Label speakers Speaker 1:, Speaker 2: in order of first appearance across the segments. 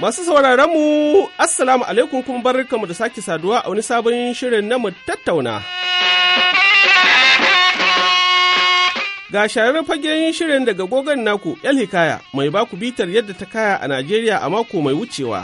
Speaker 1: Masu sauraron mu, Assalamu alaikum kuma mu da sake saduwa a wani sabon shirin na mu tattauna. Ga fage fagen shirin daga gogon naku, El Hikaya, mai baku bitar yadda ta kaya a Najeriya a mako mai wucewa.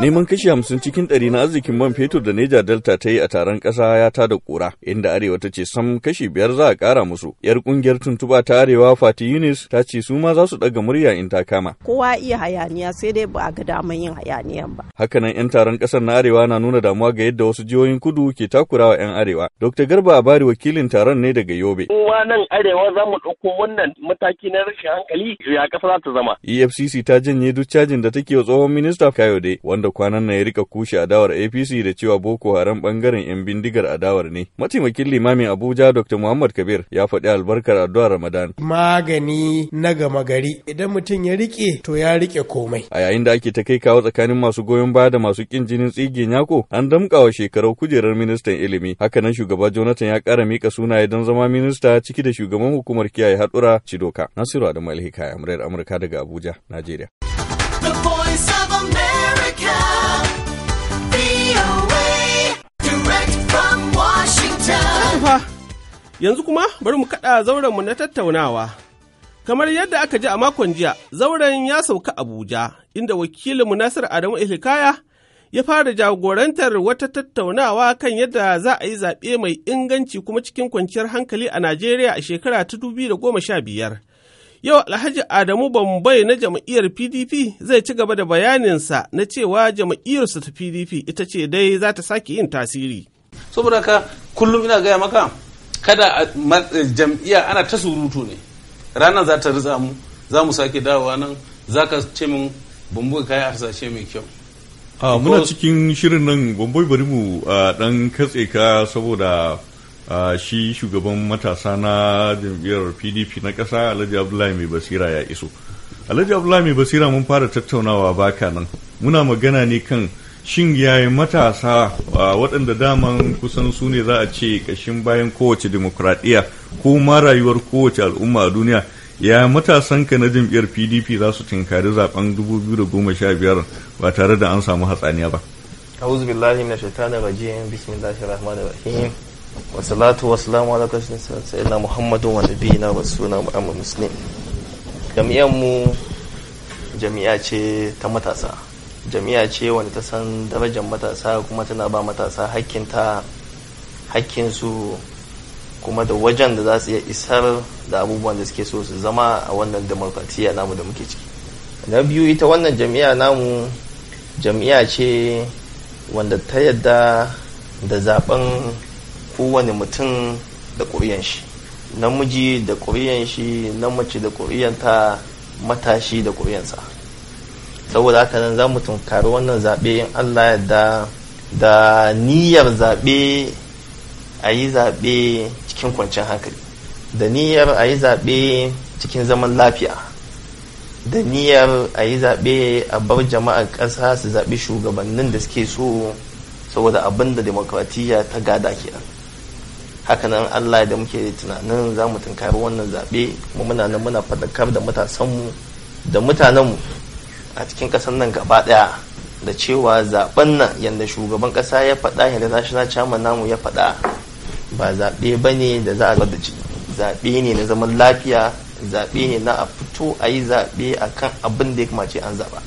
Speaker 2: Neman kashi hamsin cikin ɗari na arzikin man fetur da Neja Delta ta yi a taron ƙasa ya ta da ƙura, inda Arewa ta ce sam kashi biyar za a ƙara musu. Yar ƙungiyar tuntuba ta Arewa Fati Yunis ta ce su ma za su ɗaga murya in ta kama.
Speaker 3: Kowa iya hayaniya sai dai ba a ga damar yin hayaniyan ba.
Speaker 2: Hakanan 'yan taron ƙasar na Arewa na nuna damuwa ga yadda wasu jihohin kudu ke takurawa 'yan Arewa. Dr. Garba Abari wakilin taron ne daga Yobe.
Speaker 3: Kowa nan Arewa za mu ɗauko wannan mataki na rashin hankali ya ƙasa za ta zama.
Speaker 2: EFCC ta janye duk cajin da take wa tsohon minista Kayode wanda kwanan nan ya rika kushe adawar APC da cewa Boko Haram bangaren 'yan bindigar adawar ne. Mataimakin limamin Abuja Dr. Muhammad Kabir ya faɗi albarkar addu'ar Ramadan.
Speaker 1: Magani na gama gari idan mutum ya rike to ya rike komai.
Speaker 2: A yayin da ake ta kai kawo tsakanin masu goyon baya da masu kin jinin tsige nyako an wa shekarar kujerar ministan ilimi. Haka Hakanan shugaba Jonathan ya ƙara mika sunaye don zama minista ciki da shugaban hukumar kiyaye haɗura Cidoka. Nasiru Adamu Alhika, Amurka daga Abuja, Najeriya.
Speaker 4: Voice
Speaker 1: Yanzu kuma bari mu kaɗa zaurenmu na tattaunawa. Kamar yadda aka ji a makon jiya, zauren ya sauka Abuja, inda wakilinmu Nasir Adamu Ilikaya ya fara jagorantar wata tattaunawa kan yadda za a yi zaɓe mai inganci kuma cikin kwanciyar hankali a Najeriya a shekara ta 2015. Yau Alhaji Adamu Bambai na jam'iyyar PDP zai ci gaba da bayaninsa na cewa jam'iyyarsa ta PDP ita ce dai za ta sake yin tasiri. Saboda ka kullum ina gaya maka kada jam'iyya ana ta surutu ne ranar za ta riza mu za mu sake dawowa nan za ka ce min bambu kayan harsashe mai kyau.
Speaker 2: muna cikin shirin nan bambai bari mu dan katse ka saboda shi shugaban matasa na jam'iyyar pdp na ƙasa alhaji abdullahi mai basira ya iso alhaji abdullahi mai basira mun fara tattaunawa baka nan muna magana ne kan shin yayin matasa waɗanda daman kusan su ne za a ce ƙashin bayan kowace demokuraɗiyya ko ma rayuwar kowace al'umma a duniya ya matasan ka na jam'iyyar pdp za su tinkari zaben 2015 ba tare da an samu hatsaniya ba
Speaker 3: auzu billahi min shaitani rajim bismillahir rahmanir rahim wasalatu wasalamu ala kashin sayyidina muhammadu wa na wasu suna mu'amma musulmi jami'an mu jami'a ce ta matasa jami'a ce wanda ta san darajar matasa kuma tana ba matasa hakkin su kuma da wajen da za su iya isar da abubuwan da suke so su zama a wannan demokratiya namu da muke ciki na biyu ita wannan jami'a namu jami'a ce wanda ta yadda da zaben kowane mutum da ƙuriyan shi namiji da ƙuriyan shi namace da ƙuriyanta matashi da ƙuriyansa saboda haka nan za mu tunkari wannan zaɓe in allah da niyyar zaɓe a yi zaɓe cikin kwanciyar hankali da niyyar a yi zaɓe cikin zaman lafiya da niyyar a yi zaɓe a bar jama'ar ƙasa su zaɓi shugabannin da suke so saboda abin da demokratiya ta gada kenan hakanan allah da muke tunanin za mu tunkari wannan zaɓe kuma muna nan muna faɗakar da matasanmu da mutanenmu a cikin ƙasar nan gaba ɗaya da cewa zaɓen nan yadda shugaban ƙasa ya faɗa yadda national chairman namu ya faɗa ba zaɓe ba ne da za a da ciki zaɓe ne na zaman lafiya zaɓe ne na a fito a yi zaɓe a kan abin da ya kamace an zaɓa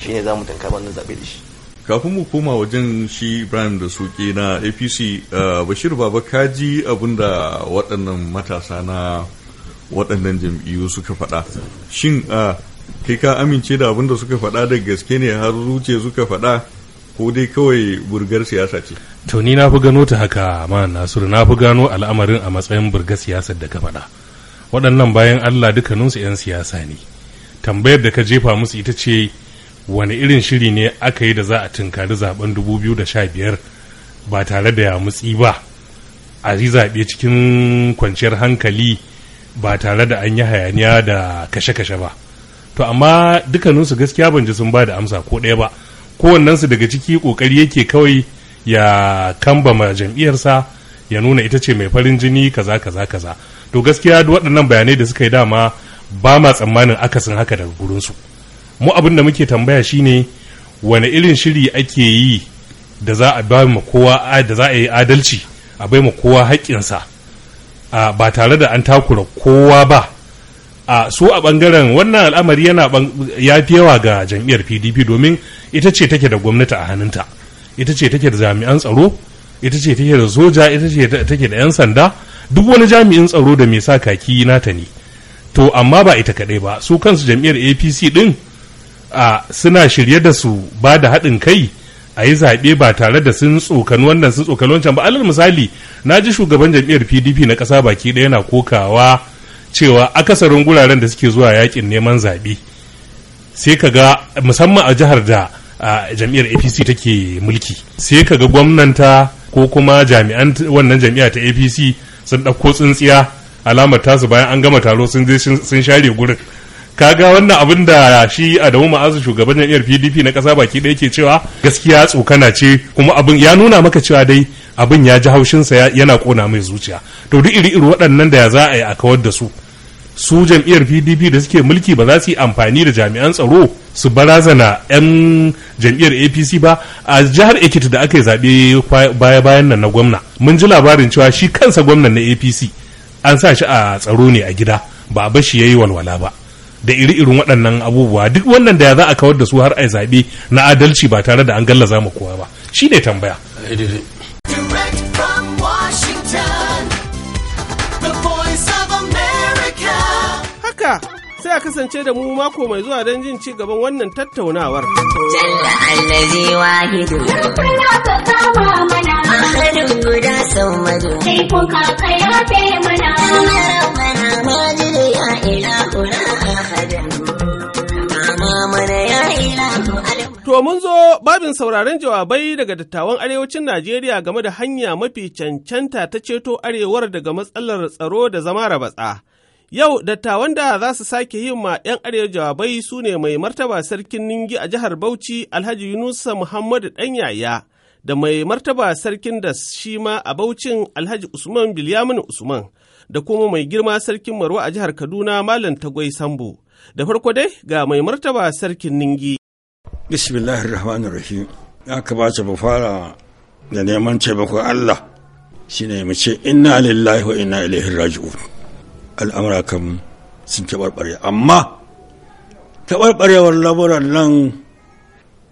Speaker 3: shi ne za mu tunkari wannan zaɓe da shi
Speaker 2: kafin mu koma wajen shi ibrahim da suke na apc uh, bashir baba kaji abinda waɗannan matasa na waɗannan jam'iyyu suka faɗa shin uh, kai ka amince da abinda suka faɗa da gaske ne har zuce suka faɗa ko dai kawai burgar siyasa ce
Speaker 5: to ni na fi gano ta haka ma nasiru na fi gano al'amarin a matsayin burgar siyasar da ka faɗa waɗannan bayan allah dukkaninsu 'yan siyasa ne tambayar da ka jefa musu ita ce wani irin shiri ne aka yi da za a tunkari zaben 2015 ba tare da yamutsi ba a yi zaɓe cikin kwanciyar hankali ba tare da an yi hayaniya da kashe-kashe ba to amma dukkaninsu gaskiya ban ji sun ba da amsa ko ɗaya ba kowannensu daga ciki ƙoƙari yake kawai ya kambama jam'iyyarsa ya nuna ita ce mai farin jini kaza kaza kaza to gaskiya waɗannan bayanai da suka yi dama ba ma tsammanin akasin haka daga gurinsu. su mu abin da muke tambaya shine wane irin shiri ake yi da za a ma kowa da za yi adalci a bai ma kowa haƙƙinsa ba tare da an takura kowa ba a su a ɓangaren wannan al'amari yana ya fi yawa ga jam'iyyar pdp domin ita ce take da gwamnati a hannunta ita ce take da jami'an tsaro ita ce take da soja ita ce take da 'yan sanda duk wani jami'in tsaro da mai sa kaki nata ne to amma ba ita kaɗai ba su kansu jam'iyyar apc ɗin a suna shirye da su ba da haɗin kai a yi zaɓe ba tare da sun tsokani wannan sun tsokani wancan ba alal misali na ji shugaban jam'iyyar pdp na ƙasa baki ɗaya yana kokawa cewa akasarin guraren da suke zuwa yakin neman zaɓe sai ka ga musamman a jihar da jam'iyyar apc take mulki sai ka ga gwamnanta ko kuma jami'an wannan jam'iyya ta apc sun ɗauko tsintsiya alamar tasu bayan an gama taro sun je sun share gurin Ka ga wannan abin da shi Adamu Ma'azu shugaban jam'iyyar PDP na ƙasa baki ɗaya ke cewa gaskiya tsokana ce kuma abin ya nuna maka cewa dai abin ya ji haushinsa yana kona mai zuciya to duk iri iri waɗannan da ya za a yi a kawar da su su jam'iyyar PDP da suke mulki ba za su yi amfani da jami'an tsaro su barazana 'yan jam'iyyar APC ba a jihar Ekiti da aka yi zaɓe baya-bayan nan na gwamna mun ji labarin cewa shi kansa gwamnan na APC an sa shi a tsaro ne a gida ba a bashi ya yi walwala ba da iri-irin waɗannan abubuwa duk wannan da ya za a kawar da su har a zaɓe na adalci ba tare da an gallaza mu kowa ba shi ne tambaya
Speaker 1: haka sai a kasance da mu mako mai zuwa don jin ci gaban wannan tattaunawar jalla mana To mun zo babin sauraron jawabai daga dattawan arewacin Najeriya game da hanya mafi cancanta ta ceto arewar daga matsalar tsaro da zama rabatsa. Yau dattawan da za su sake yin ma 'yan arewa jawabai su ne mai martaba sarkin Ningi a jihar Bauchi Alhaji Yunusa Muhammadu Ɗanyaya da mai martaba sarkin da shi ma a Baucin Alhaji Usman Bilyamin Usman da kuma mai girma sarkin Marwa a jihar Kaduna Malam Tagwai Sambo. Da farko dai ga mai martaba sarkin Ningi. bismillahirrahmanirrahim ya rahim ya kamata
Speaker 6: mu fara da neman taimakon Allah shine mu ce inna lillahi wa inna ilaihi raji'un al'amura kan sun tabarbare amma tabarbarewar lamuran nan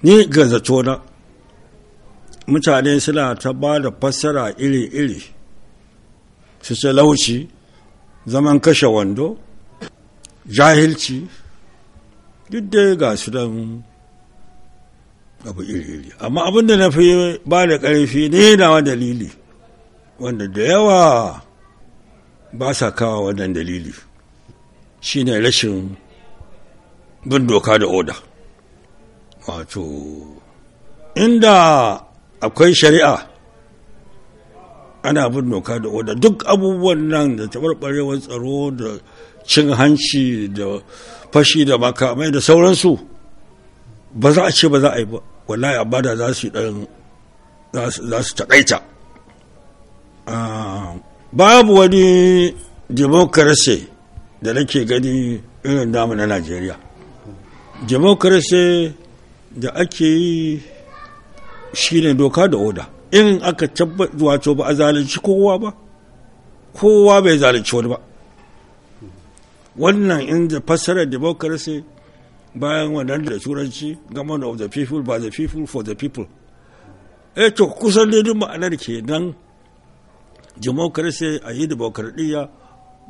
Speaker 6: ni ga zato na mutane suna ta ba da fassara iri-iri su ce lauci zaman kashe wando jahilci duk da ga su don abu iri-iri amma abin da na fi ba da ƙarfi ne nawa dalili wanda da yawa ba sa kawo wannan dalili shine rashin bin doka da oda wato inda akwai shari'a ana bin doka da oda duk abubuwan nan da taɓarɓarewar tsaro da cin hanci da fashi da makamai da sauransu ba za a ce ba za a yi ba wallahi abada za su dan za su takaita ah, babu wani democracy da nake gani irin damu na najeriya democracy da ake yi shine doka da oda in aka tabbata wato ba a zalunci kowa ba kowa bai zalunci wani ba wannan inda fassarar democracy bayan wannan da turanci government of the people by the people for the people eh to kusan daidai ma'anar ke nan democracy a yi demokradiyya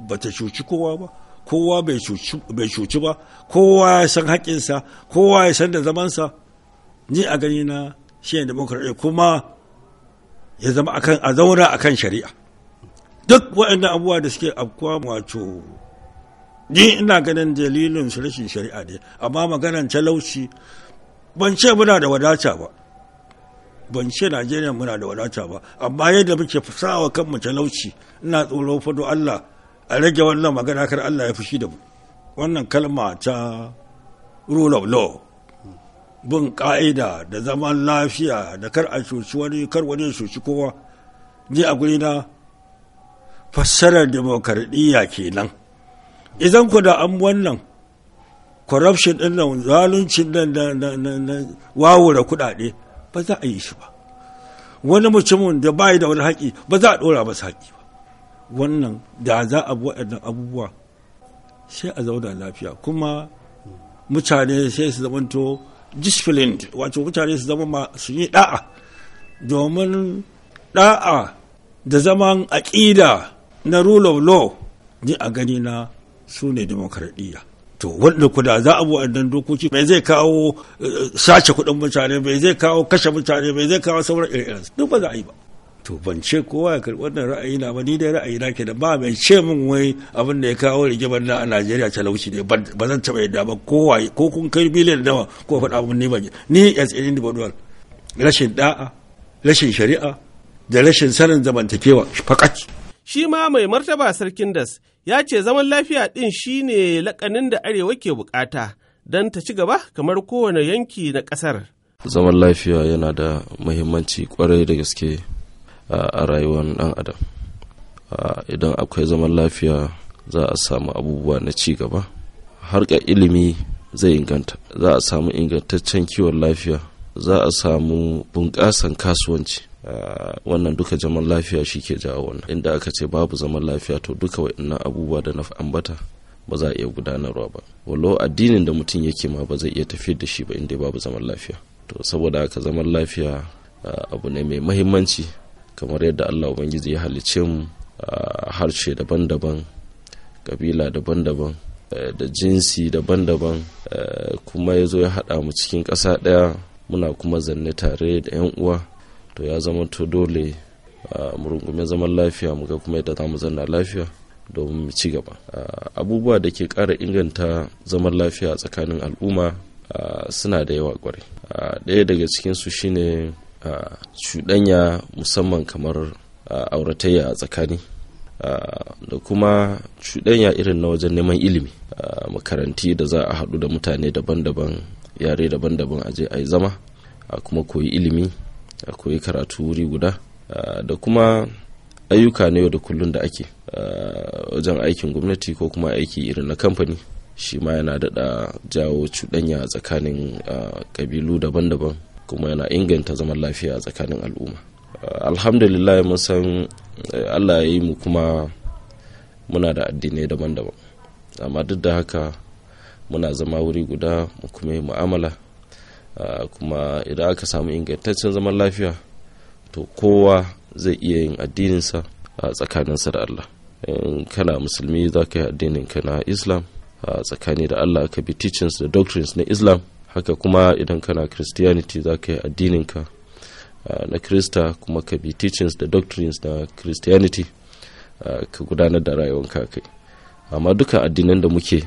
Speaker 6: ba ta cuci kowa ba kowa bai cuci ba kowa ya san haƙƙinsa kowa ya san da zamansa ni a gani na shi ne demokradiyya kuma ya zama a zaura a kan shari'a duk waɗannan abubuwa da suke abuwa wato ni ina ganin dalilin su rashin shari'a ne amma maganan talauci ban ce muna da wadata ba ban ce najeriya muna da wadata ba amma yadda muke sawa kanmu talauci ina tsoro fado allah a rage wannan magana kar allah ya fushi da mu wannan kalma ta rule of law bin ka'ida da zaman lafiya da kar a cuci wani kar wani cuci kowa ni a na fassarar demokaradiyya kenan idan ku da an wannan corruption din nan zaluncin nan na wawura kudade ba za a yi shi ba wani mutumin da bai da wani haƙi ba za a ɗora masa haƙi ba wannan da za a bi waɗannan abubuwa sai a zauna lafiya kuma mutane sai su zamanto disciplined wato mutane su zama su yi da'a domin da'a da zaman aƙida na rule of law ni a gani na su ne demokaradiyya to wanda ku da za a bu dokoki bai zai kawo eh, sace kuɗin mutane bai zai kawo kashe mutane bai zai kawo sauran irin duk ba za a yi ba to ban ce kowa ya karɓi wannan ra'ayi na ba ni dai ra'ayi na ke da ba mai ce min wai abin da ya kawo rigimar na a Najeriya talauci ne ba zan taɓa yadda ba kowa ko kun kai miliyan nawa ko faɗa mun ni ba
Speaker 1: ni as an individual rashin ɗa'a, rashin shari'a da rashin sanin zamantakewa fakat shi ma mai martaba sarkin das ya ce zaman lafiya ɗin shi ne lakanin da arewa ke bukata don ta ci gaba kamar kowane yanki na ƙasar.
Speaker 4: zaman lafiya yana da muhimmanci kwarai da gaske a rayuwar ɗan adam idan akwai zaman lafiya za a samu abubuwa na ci gaba harka ilimi zai inganta za a samu ingantaccen kiwon lafiya za a samu bunƙasan kasuwanci wannan duka zaman lafiya shi ke jawo wannan inda aka ce babu zaman lafiya to duka waɗannan abubuwa da na ambata ba za a iya gudanarwa ba wallo addinin da mutum yake ma ba zai iya tafiyar da shi ba inda babu zaman lafiya to saboda haka zaman lafiya abu ne mai mahimmanci kamar yadda allah ubangiji ya halicce mu harshe daban-daban kabila daban-daban eh, da jinsi daban-daban eh, kuma ya zo ya haɗa mu cikin ƙasa ɗaya muna kuma zanne tare da 'yan uwa to ya zama to dole mu rungume zaman lafiya mu ga kuma yadda za mu zanna lafiya domin mu ci gaba abubuwa da ke kara inganta zaman lafiya tsakanin al'umma suna da yawa kwarai Daya daga cikinsu shine cuɗanya musamman kamar auratayya a tsakani da kuma cuɗanya irin na wajen neman ilimi makaranti da za a haɗu da mutane daban-daban yare daban-daban a je a yi zama a kuma koyi ilimi a koyi karatu wuri guda da kuma ayyuka na yau da kullum da ake wajen aikin gwamnati ko kuma aiki irin na kamfani shi ma yana daɗa jawo cuɗanya tsakanin ƙabilu daban-daban kuma yana inganta zaman lafiya a tsakanin al'umma alhamdulillah mun san e, allah ya yi mu kuma muna da addinai daban-daban amma duk da haka muna zama wuri guda mu kuma yi mu'amala kuma idan aka samu ingantaccen zaman lafiya to kowa zai iya yin addininsa a tsakaninsa da Allah in kana musulmi za ka yi addinin ka na islam a tsakani da Allah ka bi teachings da doctrines na islam haka kuma idan kana christianity za ka yi addinin ka na krista kuma ka bi teachings da doctrines na christianity ka gudanar da rayuwanka kai amma duka addinan da muke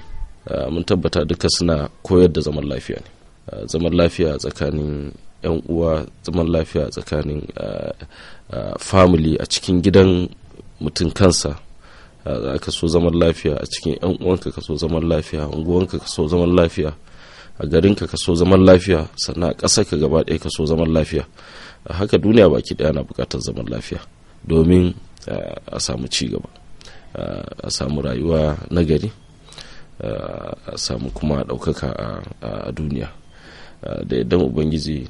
Speaker 4: Eh, mun tabbata duka suna koyar da zaman lafiya ne eh, zaman lafiya tsakanin 'yan uwa zaman lafiya tsakanin eh, family a cikin gidan mutum kansa ka so zaman lafiya a cikin 'yan uwanka ka so zaman lafiya unguwanka ka so zaman lafiya a garinka ka so zaman lafiya sannan a ka gaba ɗaya ka so zaman lafiya haka duniya baki ɗaya na buƙatar zaman lafiya domin a samu ci gaba a samu rayuwa na gari a samu kuma ɗaukaka a duniya da idan ubangiji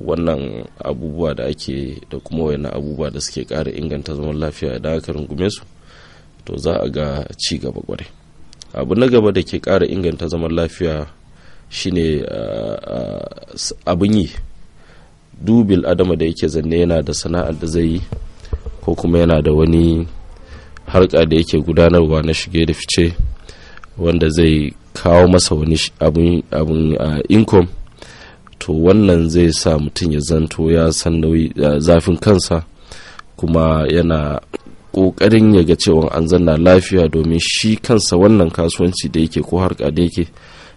Speaker 4: wannan abubuwa da ake da kuma wani abubuwa da suke ƙara inganta zaman lafiya da aka rungume su to za a ga ci gaba kwarai abu na gaba da ke ƙara inganta zaman lafiya shine abin yi dubil adama da yake zanne yana da sana'ar da zai yi ko kuma yana da wani harka da yake gudanarwa na shige da fice wanda zai kawo masa wani abin a income to wannan zai sa mutum ya zanto ya san nauyi zafin kansa kuma yana ƙoƙarin ya ga cewa an zanna lafiya domin shi kansa wannan kasuwanci da yake ko harka da yake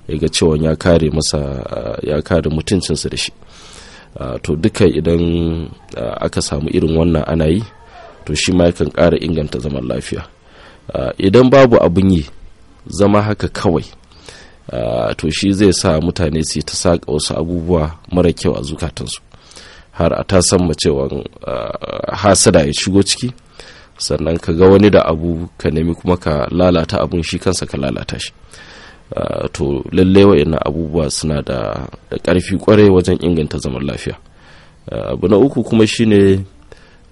Speaker 4: ya ga cewa ya kare masa ya kare mutuncinsa da shi to duka idan aka samu irin wannan ana yi to shi ma yakan ƙara inganta zaman lafiya ah, idan babu abin yi zama haka kawai ah, to shi zai sa mutane su ta saƙa wasu abubuwa mara kyau a zukatansu har a ta san cewa ah, hasada ya shigo ciki sannan ka ga wani da abu ka nemi kuma ka lalata abun shi kansa ka lalata shi to lalle wa'in abubuwa suna da ƙarfi kwarai wajen inganta zaman lafiya abu na uku kuma shine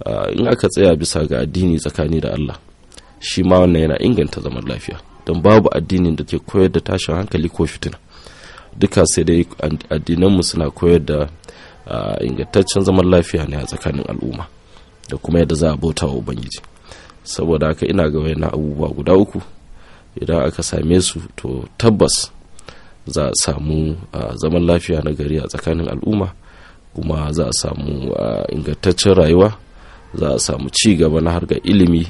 Speaker 4: Ah, in aka tsaya bisa ga addini tsakani da Allah shi ma wannan yana inganta zaman lafiya don babu addinin da ke koyar da tashin hankali ko fitina duka sai dai addinanmu suna koyar da ah, ingantaccen zaman lafiya ne a tsakanin al'umma da kuma yadda za a bauta wa ubangiji saboda haka ina ga wayan abubuwa guda uku idan aka same su to tabbas za a samu ah, zaman lafiya na gari a tsakanin al'umma kuma za a samu ingantaccen rayuwa za a samu ci gaba na harkar ilimi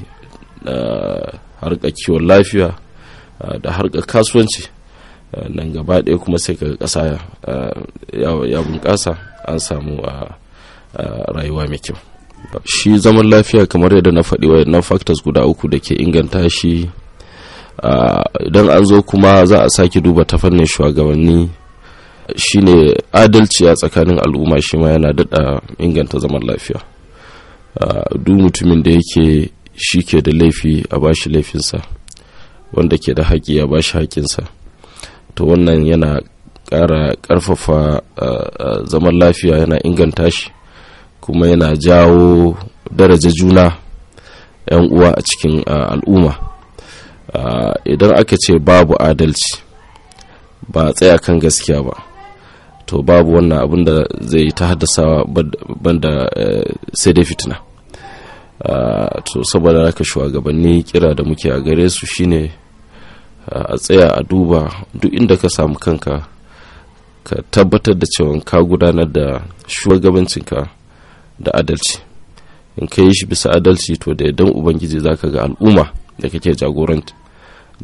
Speaker 4: da harkar kiwon lafiya da harkar kasuwanci nan gaba ɗaya kuma sai kaga ƙasa ya bunƙasa an samu a rayuwa mai kyau shi zaman lafiya kamar yadda na faɗi wayannan factors guda uku da ke inganta shi idan an zo kuma za a sake duba ta fannin shugabanni shine adalci a tsakanin al'umma shi ma yana daɗa inganta zaman lafiya duk mutumin da yake shi ke da laifi a bashi laifinsa wanda ke da haƙi a bashi haƙinsa to wannan yana ƙara ƙarfafa zaman lafiya yana inganta shi kuma yana jawo daraja juna 'yan uwa a cikin al'umma idan aka ce babu adalci ba tsaya kan gaskiya ba to babu wannan abin da zai ta haddasawa banda eh, sai dai fitina ah, to saboda haka shugabanni kira da muke a gare su shine ah, a tsaya a duba duk inda ka samu kanka ka tabbatar da cewa ka gudanar da shugabancinka da adalci in ka yi shi bisa adalci to da idan ubangiji za ka ga al'umma da kake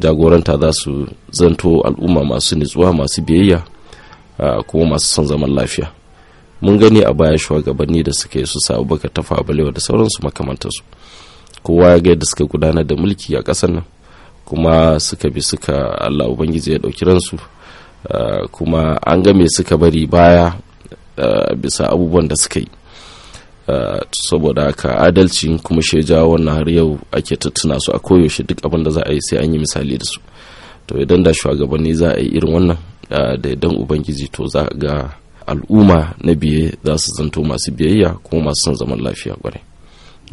Speaker 4: jagoranta za su zanto al'umma masu nutsuwa masu biyayya kuma masu son zaman lafiya mun gani a baya shugabanni da suka yi su sa abubakar tafa balewa da sauransu makamantarsu kowa ya ga da suka gudanar da mulki a kasan nan kuma suka bi suka allah ubangiji ya ɗauki ransu kuma an game suka bari baya bisa abubuwan da suka yi saboda haka adalci kuma sheja wannan har yau ake tattuna su a koyaushe duk abin da za a yi sai an yi misali da su to idan da shugabanni za a yi irin wannan da dan ubangiji to za ga al'umma na biye za su zanto masu biyayya kuma masu son zaman lafiya kwarai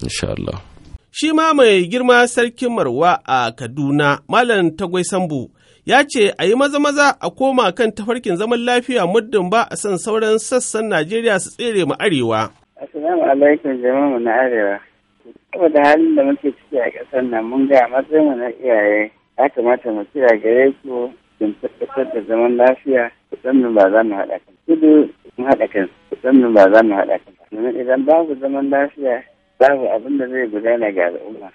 Speaker 4: insha Allah
Speaker 1: shi ma mai girma sarkin marwa a kaduna malam tagwai sambu ya ce a yi maza maza a koma kan tafarkin zaman lafiya muddin ba a son sauran sassan najeriya su tsere mu arewa
Speaker 7: assalamu alaikum jama'a na arewa saboda halin da muke ciki a ƙasar nan mun ga matsayin mu na iyaye ya kamata mu kira gare ku don tabbatar da zaman lafiya kusan ba za mu haɗa kan kudu mu haɗa kan ba za mu haɗa kan domin idan babu zaman lafiya babu abin da zai gudana ga al'umma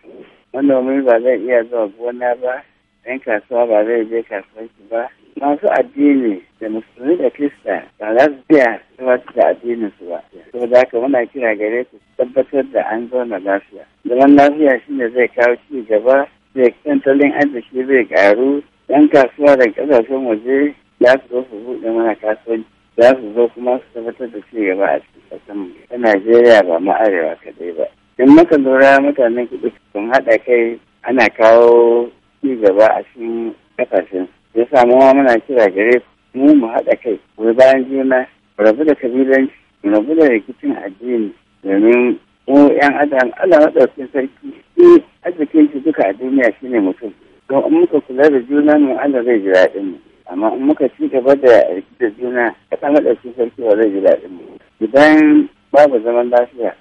Speaker 7: manomi ba zai iya zuwa gona ba ɗan kasuwa ba zai je kasuwanci ba masu addini da musulmi da krista ba za su iya tabbatar da addinin su ba saboda haka muna kira gare ku tabbatar da an zauna lafiya zaman lafiya shine zai kawo ci gaba zai tattalin arziki zai karu 'yan kasuwa da ƙasashen waje za su zo su buɗe mana kasuwanci za su zo kuma su tabbatar da ci gaba a cikin ƙasar mu ta Najeriya ba ma arewa kaɗai ba. In maka lura mutanen kuɗi sun haɗa kai ana kawo ci gaba a cikin ƙasashen. Ya samu ma muna kira gare mu mu haɗa kai Wai bayan juna mu rabu da kabilanci mu rabu da rikicin addini domin mu 'yan adam Allah maɗaukin sarki arzikin shi duka a duniya shine mutum. don in muka kula da juna mu Allah zai ji daɗin mu amma in muka ci gaba da da juna da su sarki ba zai ji daɗin mu idan babu zaman lafiya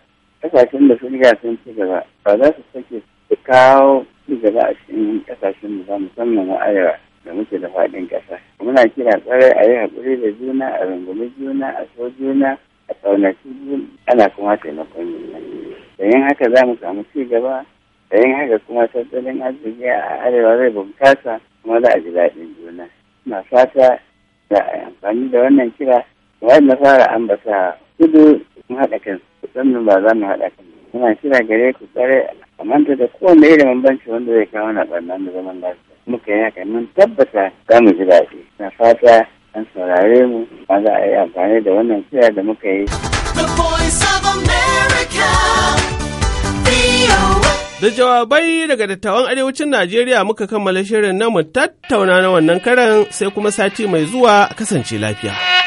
Speaker 7: kasashen da sun riga sun ci gaba ba za su sake su kawo ci gaba a cikin kasashen mu ba musamman na arewa da muke da faɗin ƙasa muna kira tsare a yi haƙuri da juna a rungumi juna a so juna a juna. ana kuma taimakon juna da yin haka za mu samu ci gaba da yin haka kuma tattalin arziki a arewa zai bunkasa kuma za a ji daɗin juna na fata da amfani da wannan kira bayan na fara ambata kudu mun haɗa kan sannan ba za mu haɗa kan muna kira gare ku tsare a manta da kowane irin bambanci wanda zai kawo na ɓarnan da zaman lafiya muka yi haka mun tabbata za mu ji daɗi na fata an saurare mu ma za a yi
Speaker 1: amfani da wannan kira da muka yi. The Da jawabai daga dattawan arewacin Najeriya muka kammala shirin namu tattauna na wannan karan sai kuma sati mai zuwa kasance lafiya.